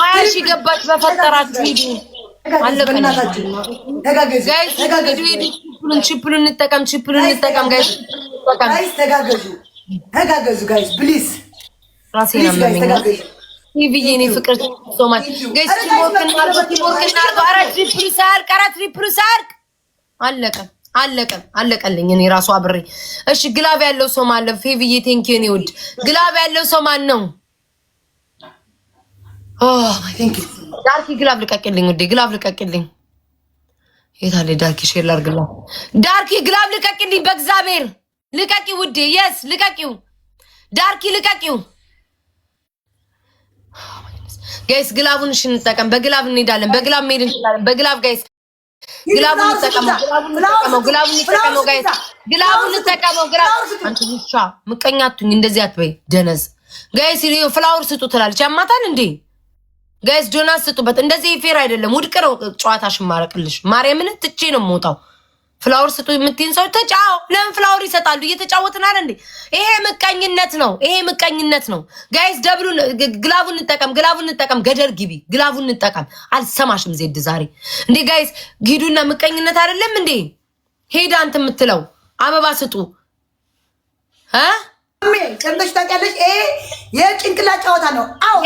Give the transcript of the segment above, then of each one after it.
ሀያ ሺህ ገባች። በፈጠራችሁ ሂዱ። አለቀናችሁጋይስጋይስሁን ቺፕሉን እንጠቀም፣ ቺፕሉን እንጠቀም። ጋይስ ተጋገዙ፣ ተጋገዙ ጋይስ ፕሊዝ። ራሴን ይብዬ እኔ ፍቅር ሶማች ጋይስ ቲሞርክ እናርገ፣ ቲሞርክ እናርገ። አረ ትሪፕሉ ሳያልቅ፣ አረ ትሪፕሉ ሳያልቅ አለቀ፣ አለቀ፣ አለቀልኝ። እኔ ራሱ አብሬ እሺ። ግላብ ያለው ሰው ማለፍ ሄቪዬ ቴንኪ። እኔ ውድ ግላብ ያለው ሰው ማን ነው? Oh, ዳርኪ ግላብ ልቀቅልኝ ውዴ፣ ግላብ ልቀቅልኝ። የታለ ዳርኪ ሼር ላድርግላ። ዳርኪ ግላብ ልቀቅልኝ፣ በእግዚአብሔር ልቀቂ ውዴ። የስ ልቀቂው፣ ዳርኪ ልቀቂው። ጋይስ ግላቡን እሺ፣ እንጠቀም። በግላብ እንሄዳለን፣ በግላብ መሄድ እንችላለን። በግላብ ጋይስ ግላቡን እንጠቀመው፣ ግላቡን እንጠቀመው፣ ጋይስ ግላቡን እንጠቀመው። አንቺ ምቀኛ እንደዚህ አትበይ ደነዝ። ጋይስ ፍላወር ስጡ ትላለች። ያማታል እንዴ? ጋይስ ጆናስ ስጡበት። እንደዚህ ፌር አይደለም። ውድቅ ነው ጨዋታ ማረቅልሽ ማርያምን ትቼ ነው የምወጣው። ፍላወር ስጡ የምትይን ሰው ተጫው። ለምን ፍላወር ይሰጣሉ? እየተጫወትን አለ እንዴ? ይሄ ምቀኝነት ነው። ይሄ ምቀኝነት ነው። ጋይስ ደብሉን ግላቡን እንጠቀም፣ ግላቡን እንጠቀም፣ ገደር ግቢ፣ ግላቡን እንጠቀም። አልሰማሽም ዜድ ዛሬ እንዴ? ጋይስ ሂዱና ምቀኝነት አይደለም እንዴ? ሄዳ እንትን የምትለው አበባ ስጡ እ ጨምጠሽ ታውቂያለሽ? ይሄ የጭንቅላት ጨዋታ ነው። አዎ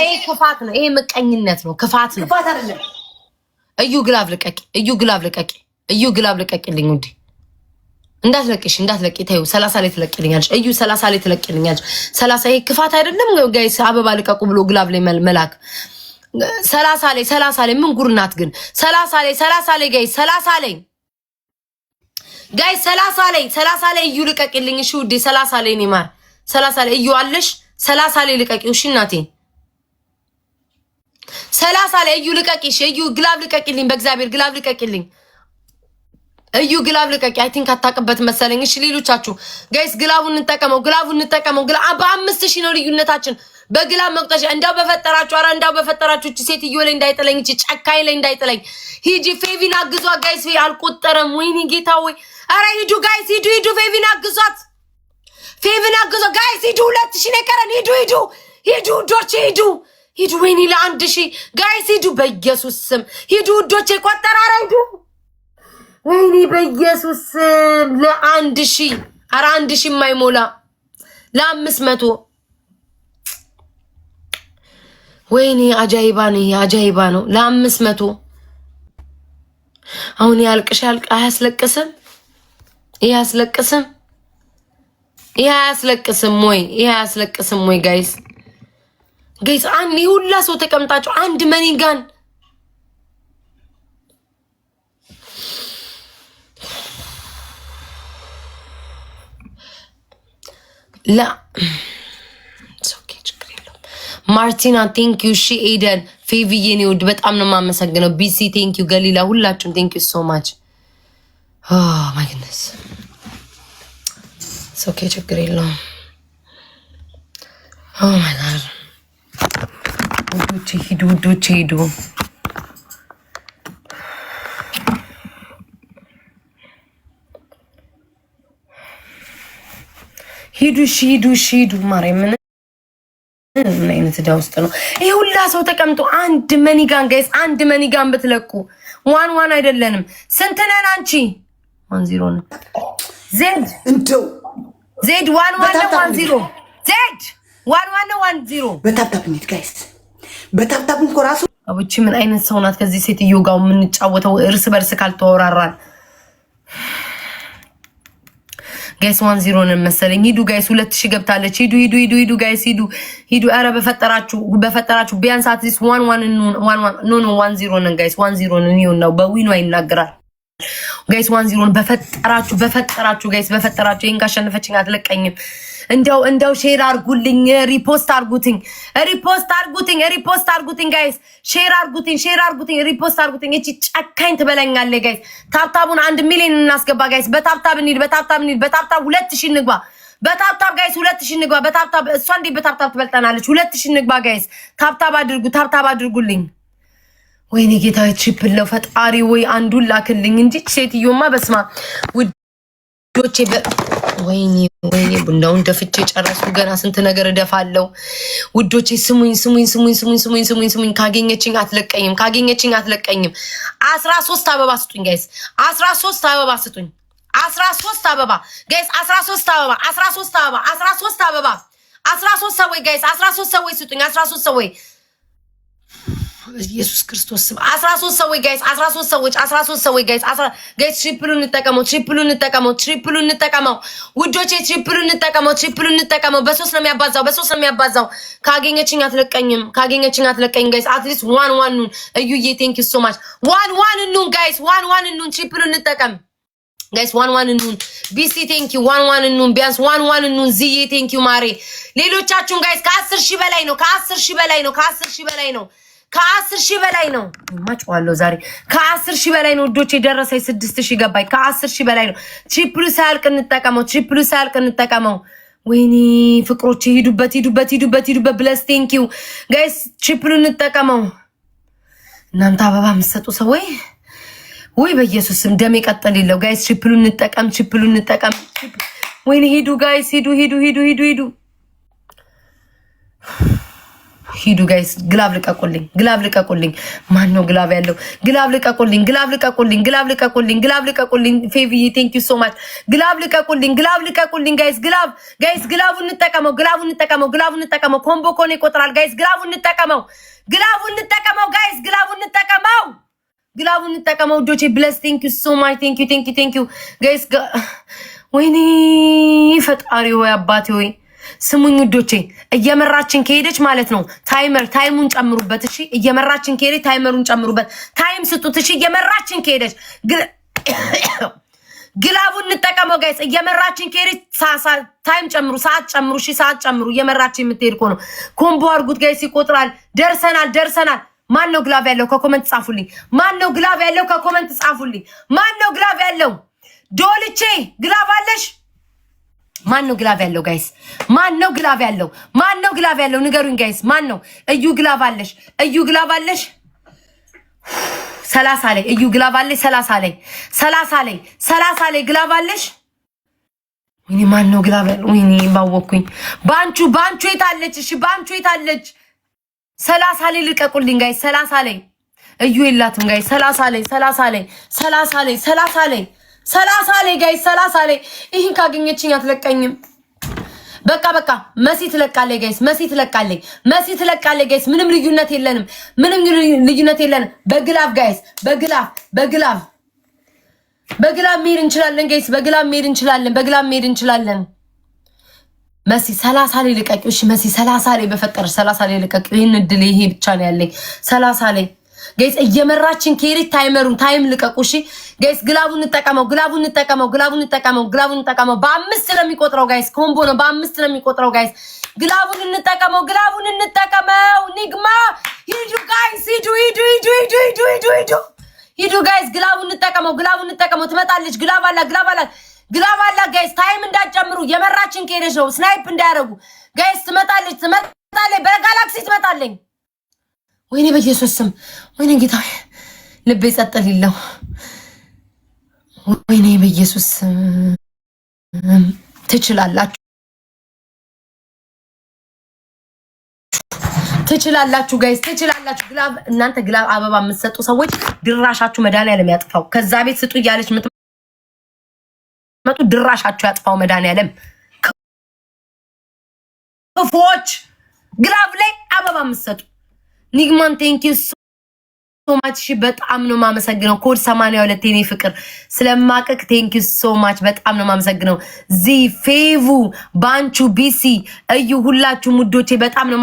ይሄ ክፋት ነው። ይሄ ምቀኝነት ነው። ክፋት ነው። ክፋት አይደለም። እዩ ግላብ ልቀቂ! እዩ ግላብ ልቀቂ! እዩ ግላብ ልቀቂልኝ! ውዴ እንዳትለቂሽ፣ እንዳትለቂ ተይው። ሰላሳ ላይ ትለቂልኛለሽ። እዩ ሰላሳ ላይ ትለቂልኛለሽ። ሰላሳ ይሄ ክፋት አይደለም ጋይስ። አበባ ልቀቁ ብሎ ግላብ ላይ መላክ ሰላሳ ላይ ሰላሳ ላይ ምን ጉርናት ግን ሰላሳ ላይ ሰላሳ ላይ ጋይስ ሰላሳ ላይ ጋይ ሰላሳ ላይ ሰላሳ ላይ እዩ ልቀቂልኝ። እሺ ውዴ ሰላሳ ላይ እኔ ማር ሰላሳ ላይ እዩ አለሽ ሰላሳ ላይ ልቀቂው። እሺ እናቴ ሰላሳ ላይ እዩ ልቀቂ። እሺ እዩ ግላብ ልቀቂልኝ። በእግዚአብሔር ግላብ ልቀቂልኝ። እዩ ግላብ ልቀቂ። አይ ቲንክ አታውቅበት መሰለኝ። እሺ ሌሎቻችሁ ጋይስ ግላቡን እንጠቀመው፣ ግላቡን እንጠቀመው። ግላ በአምስት ሺህ ነው ልዩነታችን። በግላ መቁጠሻ እንዳው በፈጠራችሁ፣ ኧረ እንዳው በፈጠራችሁ እቺ ሴትዮ ላይ እንዳይጥለኝ፣ እቺ ጨካኝ ላይ እንዳይጥለኝ። ሂጂ ፌቪን አግዟት ጋይስ። አልቆጠረም። ወይኔ ጌታ ወይ! ኧረ ሂዱ ጋይስ፣ ሂዱ ሂዱ፣ ፌቪን አግዟት፣ ፌቪን አግዟት ጋይስ፣ ሂዱ። ሁለት ሺ ነው የቀረን። ሂዱ ሂዱ ሂዱ፣ ውዶቼ ሂዱ ሂዱ። ወይኔ ለአንድ ሺ ጋይስ ሂዱ፣ በኢየሱስ ስም ሂዱ ውዶቼ። ቆጠረ። ኧረ ሂዱ ወይኔ በኢየሱስ ስም ለአንድ ሺ ኧረ አንድ ሺ የማይሞላ ለአምስት መቶ ወይኔ አጃይባ ነው ይሄ አጃይባ ነው። ለአምስት መቶ አሁን ያልቅሽ ያልቅ አያስለቅስም። ይሄ አያስለቅስም። ይሄ አያስለቅስም ወይ ይሄ አያስለቅስም ወይ? ጋይስ ጋይስ፣ አንድ ሁላ ሰው ተቀምጣችሁ አንድ መኒጋን ላ ማርቲና ቴንክ ዩ ሺ ኤደን ፌቪዬ የኔ ውድ በጣም ነው የማመሰግነው። ቢሲ ቴንክ ዩ ገሊላ፣ ሁላችሁም ቴንክ ዩ ሶ ማች ማይ ግነስ ሶኬ ችግር የለውም። ማይ ጋድ ውዶቼ ሂዱ፣ ውዶቼ ሂዱ። ሂዱ፣ ሺ ሂዱ፣ ሺ ሂዱ ማርያምን ምን አይነት ዕዳ ውስጥ ነው ይሄ ሁላ ሰው ተቀምጦ? አንድ መኒጋን ጋይስ፣ አንድ መኒጋን ብትለቁ። ዋን ዋን አይደለንም። ስንት ነን? አንቺ ዋን ዚሮ ነው። ዜድ እንደው ዜድ ዋን ዋን ነው። ዋን ዚሮ ዜድ ዋን ዋን ነው። ዋን ዚሮ በታፕታፕ ኔት ጋይስ፣ በታፕታፕ እንኮ ራሱ አብቺ ምን አይነት ሰው ናት? ከዚህ ሴትዮ ጋር የምንጫወተው እርስ በርስ ካልተወራራን ጋይስ ዋን ዚሮ ነን መሰለኝ። ሂዱ ጋይስ፣ ሁለት ሺ ገብታለች። ሂዱ ሂዱ ሂዱ ሂዱ ጋይስ ሂዱ ሂዱ። ኧረ በፈጠራችሁ በፈጠራችሁ፣ ቢያንስ አትሊስት ዋን ዋን ዋን ኖ ኖ ዋን ዚሮ ነን ጋይስ፣ ዋን ዚሮ ነን። ይሁን ነው በዊኗ ይናገራል ጋይስ፣ ዋን ዚሮ ነን። በፈጠራችሁ በፈጠራችሁ ጋይስ፣ በፈጠራችሁ ይህን ካሸነፈችኝ አትለቀኝም። እንደው እንደው ሼር አርጉልኝ፣ ሪፖስት አርጉትኝ፣ ሪፖስት አርጉትኝ፣ ሪፖስት አርጉትኝ። ጋይስ ሼር አርጉትኝ፣ ሼር አርጉትኝ፣ ሪፖስት አርጉትኝ። እቺ ጨካኝ ትበለኛለ ጋይስ ታብታቡን አንድ ሚሊዮን እናስገባ። ጋይስ በታብታብ እንሂድ፣ በታብታብ እንሂድ፣ በታብታብ ሁለት ሺ እንግባ። በታብታብ ጋይስ ሁለት ሺ እንግባ። በታብታብ እሷ እንዴ በታብታብ ትበልጠናለች። ሁለት ሺ እንግባ ጋይስ። ታብታብ አድርጉ፣ ታብታብ አድርጉልኝ። ወይኔ ጌታ ችፕል ነው ፈጣሪ፣ ወይ አንዱን ላክልኝ እንጂ ሴትዮማ በስማ ውዶቼ ወይኔ ወይኔ ቡናውን ደፍቼ ጨረስኩ። ገና ስንት ነገር እደፋለሁ። ውዶቼ ስሙኝ ስሙኝ ስሙኝ ስሙኝ ስሙኝ ስሙኝ ስሙኝ። ካገኘችኝ አትለቀኝም፣ ካገኘችኝ አትለቀኝም። አስራ ሶስት አበባ ስጡኝ ጋይስ፣ አስራ ሶስት አበባ ስጡኝ። አስራ ሶስት አበባ ጋይስ፣ አስራ ሶስት አበባ፣ አስራ ሶስት አበባ፣ አስራ ሶስት አበባ፣ አስራ ሶስት ሰዎች ጋይስ፣ አስራ ሶስት ሰዎች ስጡኝ። አስራ ሶስት ሰዎች ኢየሱስ ክርስቶስ ስም 13 ሰዎች ጋይስ፣ 13 ሰዎች፣ 13 ሰዎች ጋይስ፣ ጋይስ ትሪፕሉ እንጠቀመው፣ ትሪፕሉ እንጠቀመው፣ ትሪፕሉ እንጠቀመው ውዶቼ፣ ትሪፕሉ እንጠቀመው፣ ትሪፕሉ እንጠቀመው። በሶስት ነው የሚያባዛው፣ በሶስት ነው የሚያባዛው። ካገኘችኝ አትለቀኝም፣ ካገኘችኝ አትለቀኝም ጋይስ። አትሊስት ዋን ዋን ኑን እዩዬ፣ ቴንክ ዩ ሶ ማች። ዋን ዋን ኑን ጋይስ፣ ዋን ዋን ኑን፣ ትሪፕሉ እንጠቀም ጋይስ ዋን ዋን ኑን ቢሲ ዩ ዋን ዋን ኑን ቢያንስ ዋን ዋን ኑን ዝዬ ዩ ማሬ ሌሎቻችሁን ጋይስ ከአስር ሺህ በላይ ነው ከአስር ሺህ በላይ ነው ከአስር ሺህ በላይ ነው ከአስር ሺህ በላይ ነው ማጭዋለሁ ዛሬ ከአስር ሺህ በላይ ነው ውዶች የደረሰኝ ስድስት ሺህ ገባኝ። ከአስር ሺህ በላይ ነው። ትሪፕሉ ሳያልቅ እንጠቀመው፣ ትሪፕሉ ሳያልቅ እንጠቀመው። ወይኔ ፍቅሮች ሂዱበት፣ ሂዱበት፣ ሂዱበት፣ ሂዱበት። ብለስ ቴንኪው ጋይስ፣ ትሪፕሉ እንጠቀመው። እናንተ አበባ የምትሰጡ ሰው ወይ ወይ በኢየሱስ ስም ደም ይቀጥል የለው ጋይስ፣ ትሪፕሉ እንጠቀም፣ ትሪፕሉ እንጠቀም። ወይኔ ሂዱ ጋይስ፣ ሂዱ፣ ሂዱ፣ ሂዱ፣ ሂዱ፣ ሂዱ ሂዱ ጋይስ፣ ግላብ ልቀቁልኝ፣ ግላብ ልቀቁልኝ። ማን ነው ግላብ ያለው? ግላብ ልቀቁልኝ፣ ግላብ ልቀቁልኝ፣ ግላብ ልቀቁልኝ፣ ግላብ ልቀቁልኝ። ፌቪዬ ቴንክ ዩ ሶ ማች። ግላብ ልቀቁልኝ፣ ግላብ ልቀቁልኝ ጋይስ። ግላብ ጋይስ፣ ግላቡ እንጠቀመው፣ ግላቡ እንጠቀመው፣ ግላቡ እንጠቀመው። ኮምቦ ኮን ይቆጥራል ጋይስ። ግላቡ እንጠቀመው፣ ግላቡን እንጠቀመው ጋይስ፣ ግላቡን እንጠቀመው፣ ግላቡን እንጠቀመው ግላቡን እንጠቀመው ዶቼ ብለስ ቴንክ ዩ ሶ ማች። ቴንክ ዩ ቴንክ ዩ ቴንክ ዩ ጋይስ። ወይኔ ፈጣሪ ወይ አባቴ ወይ ስሙኝ ውዶቼ፣ እየመራችን ከሄደች ማለት ነው። ታይመር ታይሙን ጨምሩበት እሺ። እየመራችን ከሄደች ታይመሩን ጨምሩበት፣ ታይም ስጡት እሺ። እየመራችን ከሄደች ግላቡን እንጠቀመው ጋይስ። እየመራችን ከሄደች ታይም ጨምሩ፣ ሰዓት ጨምሩ፣ እሺ። ሰዓት ጨምሩ። እየመራችን የምትሄድ እኮ ነው። ኮምቦ አድርጉት ጋይስ። ይቆጥራል። ደርሰናል፣ ደርሰናል። ማን ነው ግላብ ያለው? ከኮመንት ጻፉልኝ። ማን ነው ግላብ ያለው? ከኮመንት ጻፉልኝ። ማን ነው ግላብ ያለው? ዶልቼ ግላብ አለሽ? ማን ነው ግላቭ ያለው ጋይስ? ማን ነው ግላቭ ያለው? ማን ነው ግላቭ ያለው? ንገሩኝ ጋይስ፣ ማን ነው? እዩ ግላቭ አለሽ፣ እዩ ግላቭ አለሽ። ሰላሳ ላይ እዩ ግላቭ አለሽ። ሰላሳ ላይ ሰላሳ ላይ ሰላሳ ላይ ግላቭ አለሽ። ወይኔ ማን ነው ግላቭ ያለው? ወይኔ ባወኩኝ። ባንቹ ባንቹ የታለች? እሺ ባንቹ የታለች? ሰላሳ ላይ ልቀቁልኝ ጋይስ፣ ሰላሳ ላይ እዩ የላትም ጋይስ፣ ሰላሳ ላይ ሰላሳ ላይ ሰላሳ ላይ ሰላሳ ላይ ሰላሳ ላይ ጋይ ሰላሳ ላይ ይህን ካገኘችኝ አትለቀኝም። በቃ በቃ መሲ ትለቃለች ጋይስ፣ መሲ ትለቃለች፣ መሲ ትለቃለች ጋይስ። ምንም ልዩነት የለንም፣ ምንም ልዩነት የለንም። በግላፍ ጋይስ፣ በግላፍ በግላፍ በግላፍ መሄድ እንችላለን ጋይስ፣ በግላፍ መሄድ እንችላለን፣ በግላፍ መሄድ እንችላለን። መሲ ሰላሳ ላይ ልቀቂው። እሺ መሲ ሰላሳ ላይ በፈጠረሽ ሰላሳ ላይ ልቀቂው። ይህን እድል ይሄ ብቻ ነው ያለኝ ሰላሳ ላይ ጋይስ እየመራችን ከሄደች ታይመሩን ታይም ልቀቁ። እሺ ጋይስ ግላቡ እንጠቀመው፣ ግላቡን እንጠቀመው፣ ግላቡን እንጠቀመው፣ ግላቡን እንጠቀመው። በአምስት ነው የሚቆጥረው ጋይስ፣ ኮምቦ ነው። በአምስት ነው የሚቆጥረው ጋይስ፣ ግላቡን እንጠቀመው፣ ግላቡን እንጠቀመው። ኒግማ ሂዱ ጋይስ፣ ሂዱ፣ ሂዱ፣ ሂዱ፣ ሂዱ፣ ሂዱ፣ ሂዱ፣ ሂዱ፣ ሂዱ ጋይስ፣ ግላቡን እንጠቀመው፣ ግላቡን እንጠቀመው። ትመጣለች። ግላብ አላት፣ ግላብ አላት፣ ግላብ አላት ጋይስ። ታይም እንዳትጨምሩ፣ የመራችን ከሄደች ነው። ስናይፕ እንዳያደርጉ ጋይስ። ትመጣለች፣ ትመጣለች፣ በጋላክሲ ትመጣለኝ። ወይኔ በኢየሱስ ስም ወይኔ ጌታ ልቤ ጸጥ ወይኔ በኢየሱስ ትችላላችሁ ትችላላችሁ ጋይስ ትችላላችሁ። ግላብ እናንተ ግላብ አበባ የምትሰጡ ሰዎች ድራሻችሁ መድኃኒዓለም ያጥፋው። ከዛ ቤት ስጡ እያለች የምትመጡ ድራሻችሁ ያጥፋው መድኃኒዓለም። ክፎች ግላብ ላይ አበባ የምትሰጡ ኒግማን ቴንኪው ሶማች ሺ በጣም ነው ማመሰግነው። ኮድ 82 የኔ ፍቅር ስለማቀቅ ቴንክ ዩ ሶማች በጣም ነው ማመሰግነው። ዚ ፌቡ ባንቹ ቢሲ እዩ ሁላችሁ ሙዶቼ በጣም ነው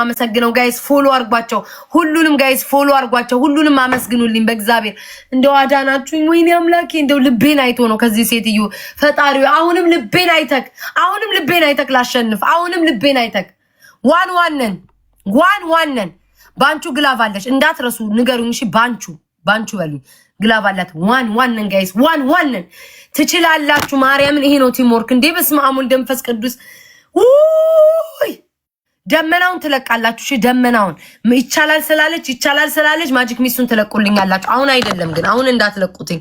ማመሰግነው። ጋይስ ፎሎ አርጓቸው ሁሉንም፣ ጋይስ ፎሎ አርጓቸው ሁሉንም አመስግኑልኝ። በእግዚአብሔር እንደው አዳናችሁኝ። ወይኔ አምላኬ እንደው ልቤን አይቶ ነው ከዚህ ሴትዮ ፈጣሪው። አሁንም ልቤን አይተክ፣ አሁንም ልቤን አይተክ፣ ላሸንፍ። አሁንም ልቤን አይተክ። ዋን ዋን ነን፣ ዋን ዋን ነን ባንቹ ግላቭ አለች እንዳትረሱ ንገሩኝ። እሺ ባንቹ ባንቹ በሉ ግላቭ አላት። ዋን ዋን ነን ጋይስ፣ ዋን ዋን ነን። ትችላላችሁ። ማርያምን ይሄ ነው ቲም እንዴ! በስመ አብ ወልድ መንፈስ ቅዱስ ውይ ደመናውን ትለቃላችሁ። እሺ ደመናውን ይቻላል ስላለች ይቻላል ስላለች ማጂክ ሚስቱን ትለቁልኛላችሁ። አሁን አይደለም ግን አሁን እንዳትለቁትኝ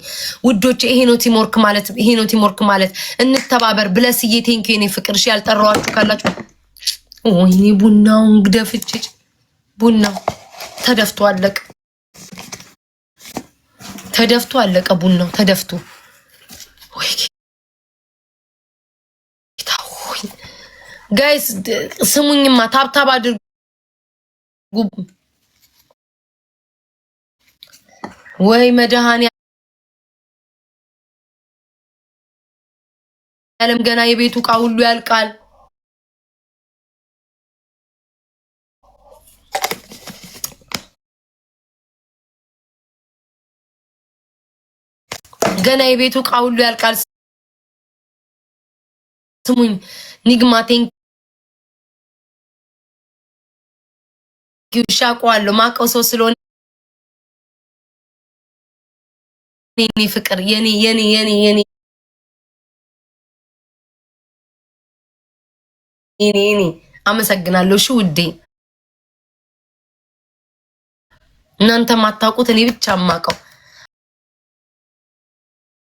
ውዶች። ይሄ ነው ቲምወርክ ማለት ይሄ ነው ቲምወርክ ማለት። እንተባበር ብለስዬ ቴንኪ የኔ ፍቅር። እሺ ያልጠራዋችሁ ካላችሁ ወይኔ ቡናውን ግደፍችች ቡናው ተደፍቶ አለቀ። ተደፍቶ አለቀ። ቡናው ተደፍቶ ጋይስ ስሙኝማ፣ ታብታብ አድርጉ። ወይ መድሃኒ ገና የቤቱ እቃ ሁሉ ያልቃል። ገና የቤቱ እቃ ሁሉ ያልቃል። ስሙኝ ኒግማ ቴንኪው ሻቋለሁ ማቀው ሰው ስለሆነ የኔ ፍቅር የኔ የኔ የኔ የኔ የኔ አመሰግናለሁ። እሺ ውዴ እናንተ ማታውቁት እኔ ብቻ ማቀው